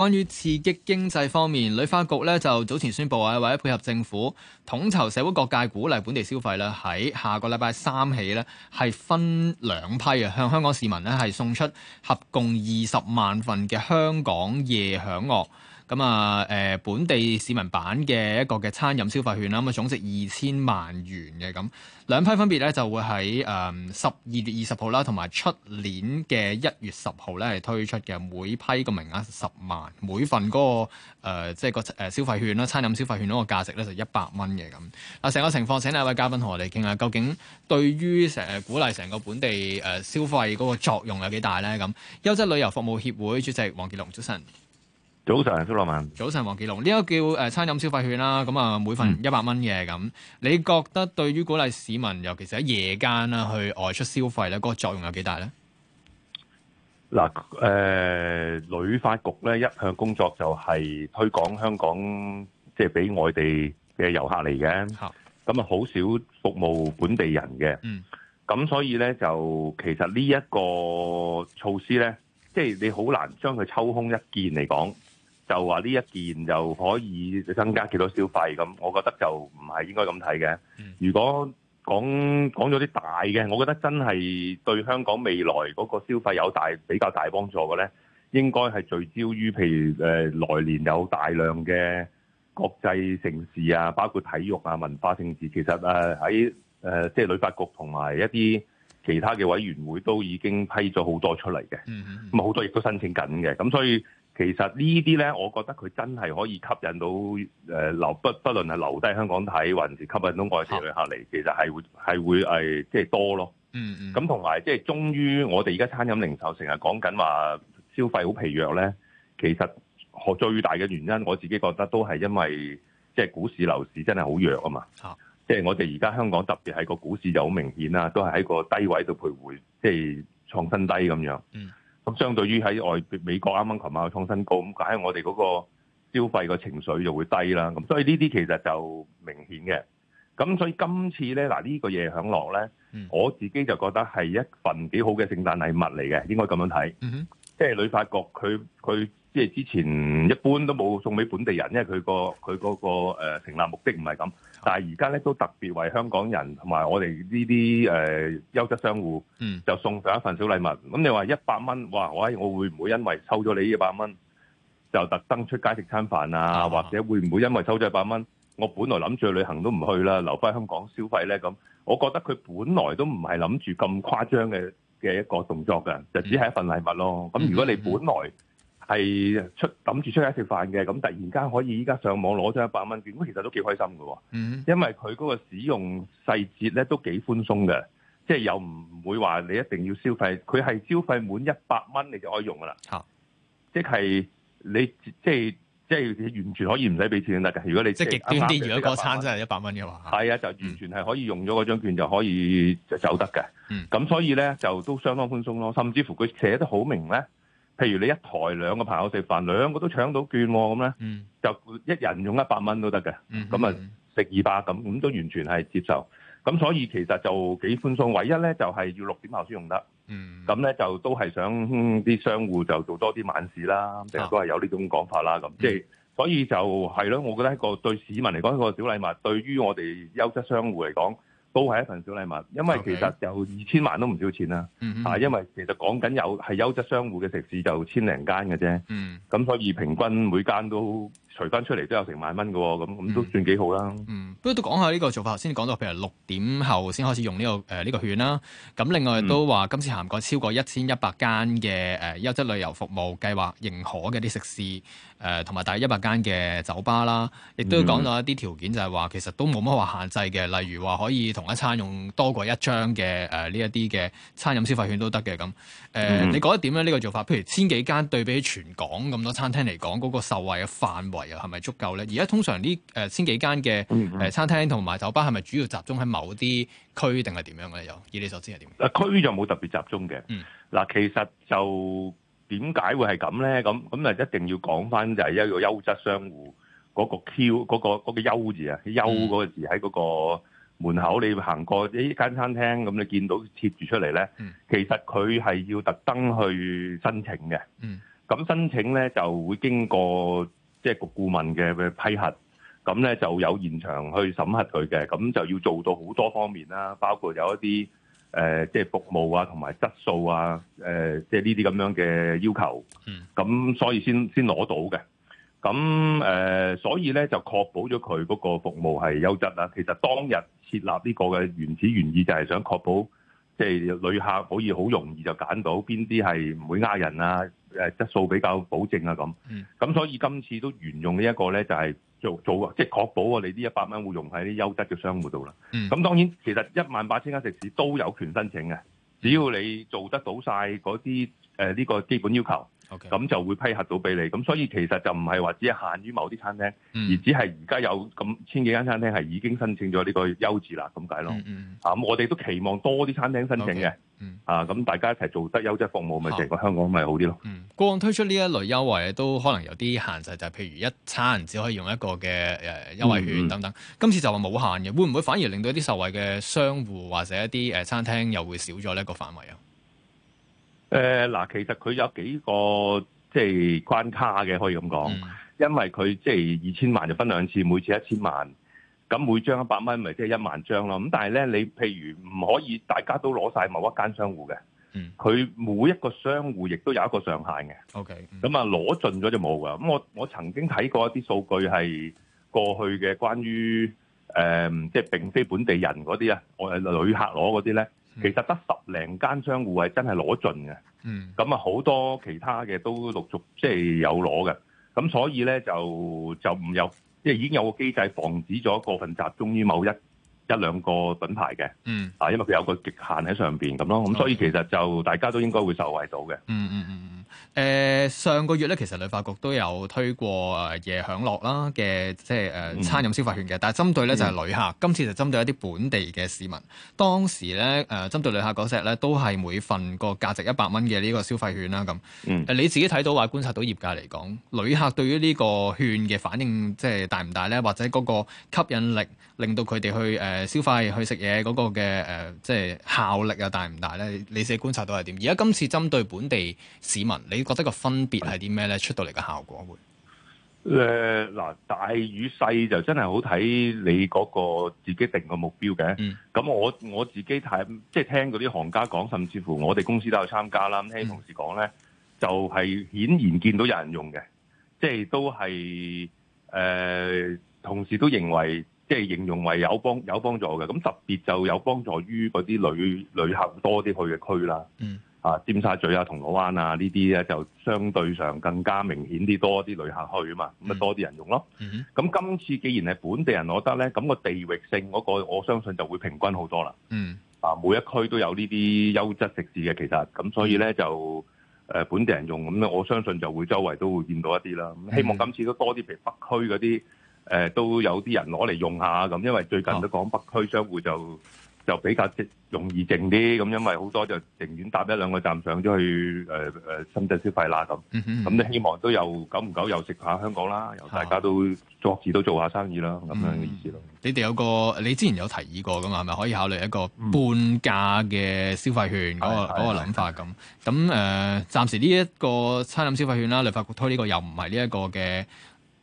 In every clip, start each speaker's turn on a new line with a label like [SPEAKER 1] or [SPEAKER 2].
[SPEAKER 1] 關於刺激經濟方面，旅發局咧就早前宣布啊，為咗配合政府統籌社會各界鼓勵本地消費咧，喺下個禮拜三起咧，係分兩批啊，向香港市民咧係送出合共二十萬份嘅香港夜享樂。咁啊，本地市民版嘅一個嘅餐飲消費券啦，咁啊總值二千萬元嘅咁兩批分別咧就會喺誒十二月二十號啦，同埋出年嘅一月十號咧係推出嘅。每批個名額十萬，每份嗰、嗰個即係、呃就係、個消費券啦，餐飲消費券嗰個價值咧就一百蚊嘅咁。啊，成個情況請兩位嘉賓同我哋傾下，究竟對於鼓勵成個本地消費嗰個作用有幾大咧？咁優質旅遊服務協會主席黃傑龍早晨。
[SPEAKER 2] 早晨，蘇羅文。
[SPEAKER 1] 早晨，黃傑龍。呢個叫誒餐飲消費券啦，咁啊每份一百蚊嘅咁，你覺得對於鼓勵市民，尤其是喺夜間啦去外出消費咧，嗰個作用有幾大咧？
[SPEAKER 2] 嗱，誒旅發局咧一向工作就係推廣香港，即係俾外地嘅遊客嚟嘅。咁啊好少服務本地人嘅。嗯。咁所以咧就其實呢一個措施咧，即係你好難將佢抽空一件嚟講。就話呢一件就可以增加幾多消費咁，我覺得就唔係應該咁睇嘅。如果講講咗啲大嘅，我覺得真係對香港未來嗰個消費有大比較大幫助嘅呢，應該係聚焦於譬如、呃、來年有大量嘅國際城市啊，包括體育啊、文化政治。其實喺即係旅發局同埋一啲其他嘅委員會都已經批咗好多出嚟嘅，咁好、嗯嗯、多亦都申請緊嘅，咁所以。其實呢啲呢，我覺得佢真係可以吸引到誒留、呃、不，不論係留低香港睇，還是吸引到外地旅客嚟，其實係會係會誒，即係多咯。嗯嗯。咁同埋即係終於，我哋而家餐飲零售成日講緊話消費好疲弱呢，其實最大嘅原因，我自己覺得都係因為即係股市、樓市真係好弱啊嘛。即係、啊、我哋而家香港特別係個股市就好明顯啦，都係喺個低位度徘徊，即係創新低咁樣。嗯。相對於喺外美國啱啱琴晚創新高咁，解喺我哋嗰個消費嘅情緒就會低啦。咁所以呢啲其實就明顯嘅。咁所以今次咧，嗱、這個、呢個嘢響落咧，嗯、我自己就覺得係一份幾好嘅聖誕禮物嚟嘅，應該咁樣睇。嗯、哼即係旅發局佢佢。即係之前一般都冇送俾本地人，因為佢個佢嗰個誒成立目的唔係咁。但係而家咧都特別為香港人同埋我哋呢啲誒優質商戶，嗯，就送上一份小禮物。咁你話一百蚊，哇！我我會唔會因為收咗你呢一百蚊，就特登出街食餐飯啊？啊或者會唔會因為收咗一百蚊，我本來諗住去旅行都唔去啦，留翻香港消費咧？咁我覺得佢本來都唔係諗住咁誇張嘅嘅一個動作㗎，就只係一份禮物咯。咁如果你本來，係出諗住出街食飯嘅，咁突然間可以依家上網攞張一百蚊券，咁其實都幾開心嘅喎。嗯、因為佢嗰個使用細節咧都幾寬鬆嘅，即係又唔會話你一定要消費，佢係消費滿一百蚊你就可以用嘅啦。嚇、啊，即係你即係即係完全可以唔使俾錢得嘅。如果你即極端啲，啊、即即如果嗰餐真
[SPEAKER 1] 係一百蚊嘅
[SPEAKER 2] 話，係啊、嗯，就完全係可以用咗嗰張券就可以就走得嘅。嗯，咁所以咧就都相當寬鬆咯，甚至乎佢寫得好明咧。譬如你一台兩個朋友食飯，兩個都搶到券咁咧，就一人用一百蚊都得嘅，咁啊食二百咁，咁都完全係接受。咁所以其實就幾寬鬆，唯一咧就係要六點後先用得。咁咧、嗯、就都係想啲、嗯、商戶就做多啲晚市啦，啊、都係有呢種講法啦。咁即係所以就係、是、咯，我覺得一個對市民嚟講一個小禮物，對於我哋優質商戶嚟講。都係一份小禮物，因為其實就二千萬都唔少錢啦 Okay.、啊。因為其實講緊有係優質商戶嘅食肆就千零間嘅啫。咁、mm. 所以平均每間都除翻出嚟都有成萬蚊㗎喎，咁咁都算幾好啦。Mm.
[SPEAKER 1] 不如都講下呢個做法先，講到譬如六點後先開始用呢、這個誒呢個券啦。咁、呃這個、另外都話、嗯、今次涵蓋超過一千一百間嘅誒優質旅遊服務計劃認可嘅啲食肆，同、呃、埋大約一百間嘅酒吧啦。亦都講到一啲條件就，就係話其實都冇乜話限制嘅，例如話可以同一餐用多過一張嘅呢一啲嘅餐飲消費券都得嘅咁。你覺得點咧？呢個做法，譬如千幾間對比全港咁多餐廳嚟講，嗰、那個受惠嘅範圍又係咪足夠呢？而家通常呢、呃、千幾間嘅餐廳同埋酒吧係咪主要集中喺某啲區定係點樣咧？又以你所知係點
[SPEAKER 2] 樣？誒區就冇特別集中嘅。嗯。嗱，其實就點解會係咁咧？咁咁啊，一定要講翻就係一個優質商戶嗰個 Q，嗰個嗰個優字啊，優嗰字喺嗰個門口你行過呢間餐廳，咁你見到貼住出嚟咧。嗯。其實佢係要特登去申請嘅。嗯。咁申請咧就會經過即係個顧問嘅批核。咁咧就有現場去審核佢嘅，咁就要做到好多方面啦，包括有一啲誒，即係服務啊，同埋質素啊，誒，即係呢啲咁樣嘅要求。嗯。咁所以先先攞到嘅，咁、呃、所以咧就確保咗佢嗰個服務係優質啦。其實當日設立呢個嘅原始原意就係想確保，即係旅客可以好容易就揀到邊啲係唔會呃人啊，質素比較保證啊咁。咁所以今次都沿用呢一個咧，就係。做做啊，即係確保你呢一百蚊會用喺啲優質嘅商戶度啦。咁、嗯、當然其實一萬八千間食肆都有權申請嘅，只要你做得到晒嗰啲誒呢個基本要求，咁 Okay. 就會批核到俾你。咁所以其實就唔係話只係限於某啲餐廳，嗯、而只係而家有咁千幾間餐廳係已經申請咗呢個優質啦，咁解咯。啊、嗯，嗯、我哋都期望多啲餐廳申請嘅。Okay. 嗯啊，咁大家一齊做得優質服務，咪成個香港咪好啲咯？嗯，
[SPEAKER 1] 過往推出呢一類優惠都可能有啲限制，就係、是、譬如一餐只可以用一個嘅誒優惠券等等。嗯、今次就話冇限嘅，會唔會反而令到一啲受惠嘅商戶或者一啲誒、呃、餐廳又會少咗呢一個範圍啊？
[SPEAKER 2] 誒嗱、呃，其實佢有幾個即係關卡嘅，可以咁講，嗯、因為佢即係二千萬就分兩次，每次一千萬。咁每張一百蚊，咪即係一萬張咯。咁但係咧，你譬如唔可以，大家都攞晒某一間商戶嘅。嗯。佢每一個商戶亦都有一個上限嘅。O K。咁啊，攞盡咗就冇㗎。咁我我曾經睇過一啲數據係過去嘅關於即係、呃即係、並非本地人嗰啲啊，外、呃、旅客攞嗰啲咧，其實得十零間商戶係真係攞盡嘅。嗯。咁啊，好多其他嘅都陸續即係有攞嘅。咁所以咧就就唔有。即係已經有個機制防止咗過分集中於某一、一兩個品牌嘅，嗯，啊，因為佢有個極限喺上面咁咯，咁所以其實就大家都應該會受惠到嘅，嗯，
[SPEAKER 1] 嗯嗯嗯。誒、呃、上個月咧，其實旅發局都有推過、呃、夜享樂啦嘅，即係誒餐飲消費券嘅。嗯、但係針對咧、嗯、就係旅客，今次就針對一啲本地嘅市民。當時咧誒針對旅客嗰隻咧，都係每份個價值一百蚊嘅呢個消費券啦。咁、嗯呃、你自己睇到話觀察到業界嚟講，旅客對於呢個券嘅反應即係大唔大咧，或者嗰個吸引力令到佢哋去誒、呃、消費去食嘢嗰、嗰個嘅誒即係效力又大唔大咧？你自己觀察到係點？而家今次針對本地市民。你覺得個分別係啲咩咧？出到嚟嘅效果會
[SPEAKER 2] 誒，嗱、呃、大與細就真係好睇你嗰個自己定個目標嘅。咁、嗯、我我自己睇，即係聽嗰啲行家講，甚至乎我哋公司都有參加啦。咁聽同事講咧，就係、是、顯然見到有人用嘅，即係都係誒、呃，同事都認為即係形容為有幫有幫助嘅。咁特別就有幫助於嗰啲旅旅客多啲去嘅區啦。嗯。啊，尖沙咀啊，銅鑼灣啊，呢啲咧就相對上更加明顯啲，多啲旅客去啊嘛，咁啊、嗯、多啲人用咯。咁、嗯、今次既然係本地人攞得咧，咁、個地域性嗰個，我相信就會平均好多啦。嗯，啊每一區都有呢啲優質食肆嘅，其實咁所以咧、嗯、就誒、呃、本地人用，咁咧我相信就會周圍都會見到一啲啦。希望今次都多啲譬如北區嗰啲誒都有啲人攞嚟用下咁，因為最近都講北區商戶就。又比較即容易靜啲咁，因為好多就寧願搭一兩個站上咗去誒誒、呃、深圳消費啦。咁咁咧，嗯嗯希望都又久唔久又食下香港啦，又大家都各自、哦、都做下生意啦。咁、嗯、樣嘅意
[SPEAKER 1] 思咯。你哋有個你之前有提議過㗎嘛？係咪可以考慮一個半價嘅消費券嗰、嗯嗰個嗰諗是法咁咁誒？暫時呢一個餐飲消費券啦，旅發局推呢個又唔係呢一個嘅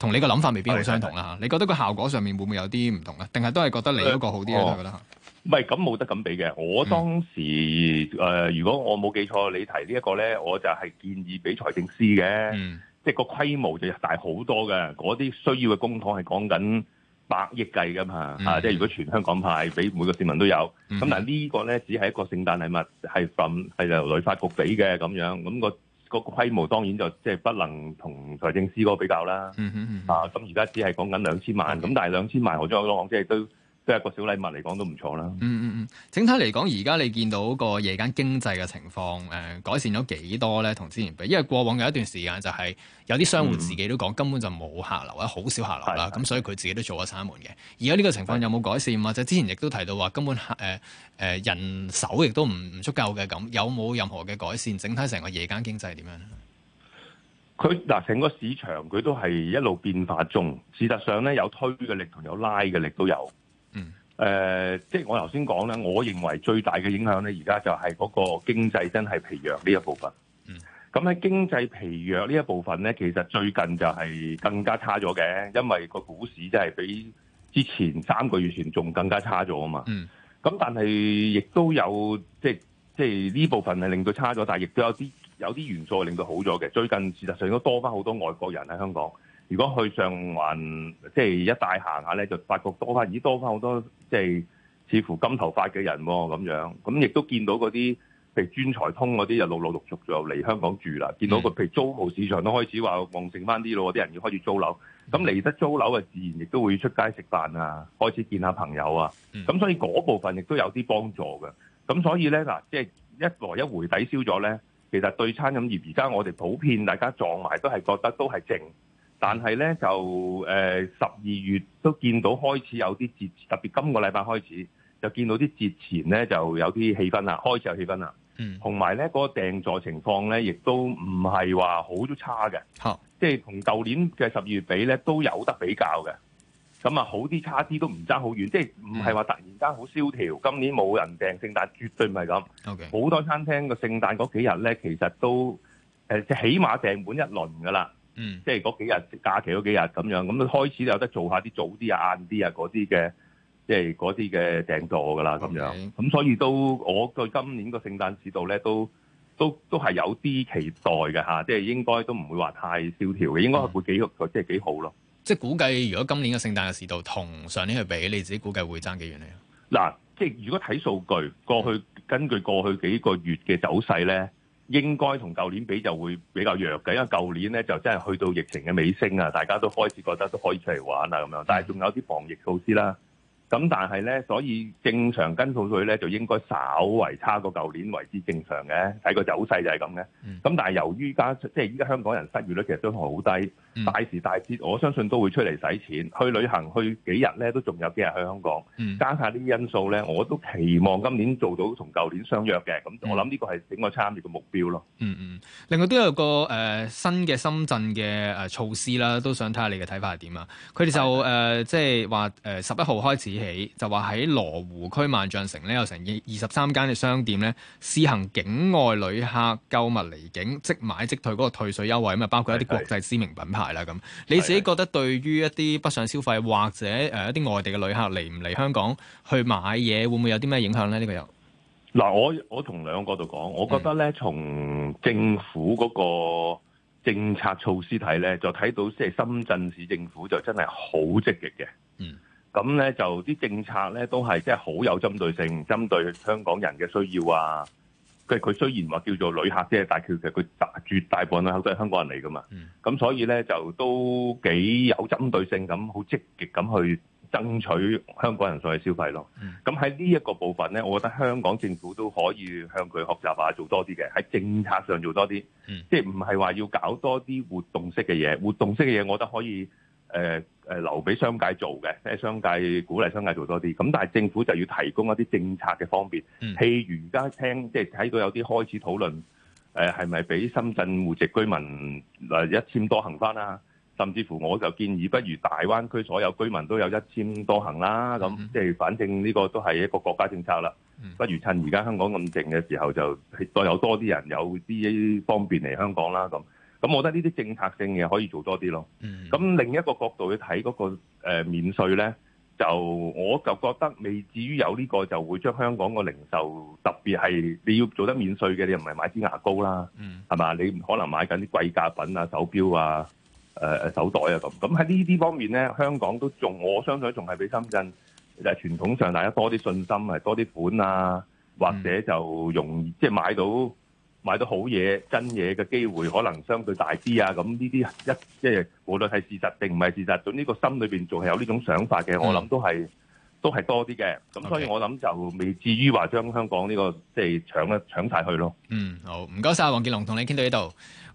[SPEAKER 1] 同你個諗法未必好相同啦。嚇，你覺得個效果上面會唔會有啲唔同咧？定係都係覺得嚟一個好啲咧？覺得，呃呃呃
[SPEAKER 2] 唔係咁冇得咁俾嘅。我當時誒、嗯呃，如果我冇記錯，你提呢、這、一個咧，我就係建議俾財政司嘅，嗯、即係個規模就大好多嘅。嗰啲需要嘅公帑係講緊百億計㗎嘛，即係如果全香港派俾每個市民都有，咁、嗯、但係呢個咧只係一個聖誕禮物，係份係由旅發局俾嘅咁樣。咁、那個、那個規模當然就即係不能同財政司嗰個比較啦。嚇、嗯！咁而家只係講緊兩千萬，咁、嗯、但係兩千萬我將我講即係都。即係個
[SPEAKER 1] 小禮物嚟講都唔錯啦。嗯嗯嗯，整體嚟講，而家你見到個夜間經濟嘅情況，誒、呃、改善咗幾多咧？同之前比，因為過往有一段時間就係有啲商戶自己都講根本就冇客流啦，好、嗯嗯、少客流啦，咁所以佢自己都做咗閂門嘅。而家呢個情況有冇改善啊？就對之前亦都提到話根本客誒誒人手亦都唔唔足夠嘅咁，有冇任何嘅改善？整體成個夜間經濟點樣？
[SPEAKER 2] 佢嗱，成個市場佢都係一路變化中，事實上咧有推嘅力同有拉嘅力都有。誒、呃，即係我頭先講咧，我認為最大嘅影響咧，而家就係嗰個經濟真係疲弱呢一部分。嗯。咁喺經濟疲弱呢一部分咧，其實最近就係更加差咗嘅，因為個股市真係比之前三個月前仲更加差咗啊嘛。嗯。咁但係亦都有即係即係呢部分係令到差咗，但係亦都有啲有啲元素係令到好咗嘅。最近事實上都多翻好多外國人喺香港。如果去上環即係一帶行下咧，就發覺多翻，而多翻好多即係似乎金頭髮嘅人喎、喔、咁樣，咁亦都見到嗰啲譬如專才通嗰啲又陸陸續續就嚟香港住啦，見到個譬如租屋市場都開始話旺盛翻啲咯，啲人要開始租樓，咁嚟、嗯、得租樓啊，自然亦都會出街食飯啊，開始見下朋友啊，咁、嗯、所以嗰部分亦都有啲幫助嘅，咁所以咧嗱，即係一來一回抵消咗咧，其實對餐飲業而而家我哋普遍大家撞埋都係覺得都係正。但係咧就誒十二月都見到開始有啲節，特別今個禮拜開始就見到啲節前咧就有啲氣氛啦，開始有氣氛啦。嗯，同埋咧嗰個訂座情況咧，亦都唔係話好差嘅，哦、即係同舊年嘅十二月比咧都有得比較嘅。咁啊，好啲差啲都唔爭好遠，即係唔係話突然間好蕭條。嗯、今年冇人訂聖誕，絕對唔係咁。好 okay. 多餐廳個聖誕嗰幾日咧，其實都誒、呃、起碼訂滿一輪㗎啦。嗯，即係嗰幾日假期嗰幾日咁樣，咁開始就有得做下啲早啲啊、晏啲啊嗰啲嘅，即係嗰啲嘅訂座㗎啦咁樣。咁 Okay.、嗯、所以都我對今年個聖誕市道咧，都都都係有啲期待嘅吓、啊，即係應該都唔會話太蕭條嘅，應該係會幾個、嗯、即係幾好咯。
[SPEAKER 1] 即係估計如果今年嘅聖誕嘅市道同上年去比，你自己估計會爭幾遠咧？
[SPEAKER 2] 嗱，即係如果睇數據過去，根據過去幾個月嘅走勢咧。應該同舊年比就會比較弱嘅，因為舊年咧就真係去到疫情嘅尾聲啊，大家都開始覺得都可以出嚟玩呀咁樣，但係仲有啲防疫措施啦。咁但係咧，所以正常跟數據咧，就應該稍為差過舊年為之正常嘅，睇個走勢就係咁嘅。咁但係由於依家即係依家香港人失業率其實都好低。大時大節，我相信都會出嚟使錢去旅行，去幾日咧都仲有幾日去香港。嗯、加上啲因素咧，我都期望今年做到同舊年相約嘅。咁、嗯、我諗呢個係整個參與嘅目標咯。嗯嗯，
[SPEAKER 1] 另外都有個、呃、新嘅深圳嘅措施啦，都想睇下你嘅睇法係點啊？佢哋就的、呃、即係話十一號開始起，就話喺羅湖區萬象城咧有成二二十三間嘅商店咧試行境外旅客購物離境即買即退嗰個退稅優惠，咁包括一啲國際知名品牌。係啦咁，你自己覺得對於一啲北上消費或者誒一啲外地嘅旅客嚟唔嚟香港去買嘢，會唔會有啲咩影響咧？呢個又
[SPEAKER 2] 嗱，我我從兩個角度講，我覺得咧，從政府嗰個政策措施睇咧，就睇到即係深圳市政府就真係好積極嘅。嗯，咁咧就啲政策咧都係即係好有針對性，針對香港人嘅需要啊。佢佢雖然話叫做旅客啫，但係其實佢大絕大部分旅客都係香港人嚟噶嘛。咁、嗯、所以咧就都幾有針對性咁，好積極咁去爭取香港人所謂嘅消費咯。咁喺呢一個部分咧，我覺得香港政府都可以向佢學習下，做多啲嘅喺政策上做多啲，嗯、即係唔係話要搞多啲活動式嘅嘢，活動式嘅嘢我覺得可以誒。呃誒留俾商界做嘅，即係商界鼓勵商界做多啲，咁但係政府就要提供一啲政策嘅方便。嗯、譬如而家聽，即係睇到有啲開始討論，誒係咪俾深圳戶籍居民一簽多行返啊？甚至乎我就建議，不如大灣區所有居民都有一簽多行啦。咁即係反正呢個都係一個國家政策啦，不如趁而家香港咁靜嘅時候就，就再有多啲人有啲方便嚟香港啦咁。咁我覺得呢啲政策性嘅可以做多啲咯。咁、嗯、另一個角度去睇嗰個、呃、免稅咧，就我就覺得未至於有呢、呢個就會將香港個零售特別係你要做得免稅嘅，你唔係買支牙膏啦，係嘛、嗯？你唔可能買緊啲貴價品啊、手錶啊、誒、呃、誒手袋啊咁。咁喺呢啲方面咧，香港都仲我相信仲係比深圳誒、就係、傳統上大家多啲信心，係多啲款啊，或者就容易、嗯、即係買到。買到好嘢、真嘢嘅機會可能相對大啲啊！咁呢啲一即係無論係事實定唔係事實，咁呢個心裏邊仲係有呢種想法嘅，嗯、我諗都係都係多啲嘅。咁、嗯、所以我諗就未至於話將香港呢、呢個即係搶一搶晒去咯。嗯，好，唔該晒，黃傑龍，同你傾到呢度。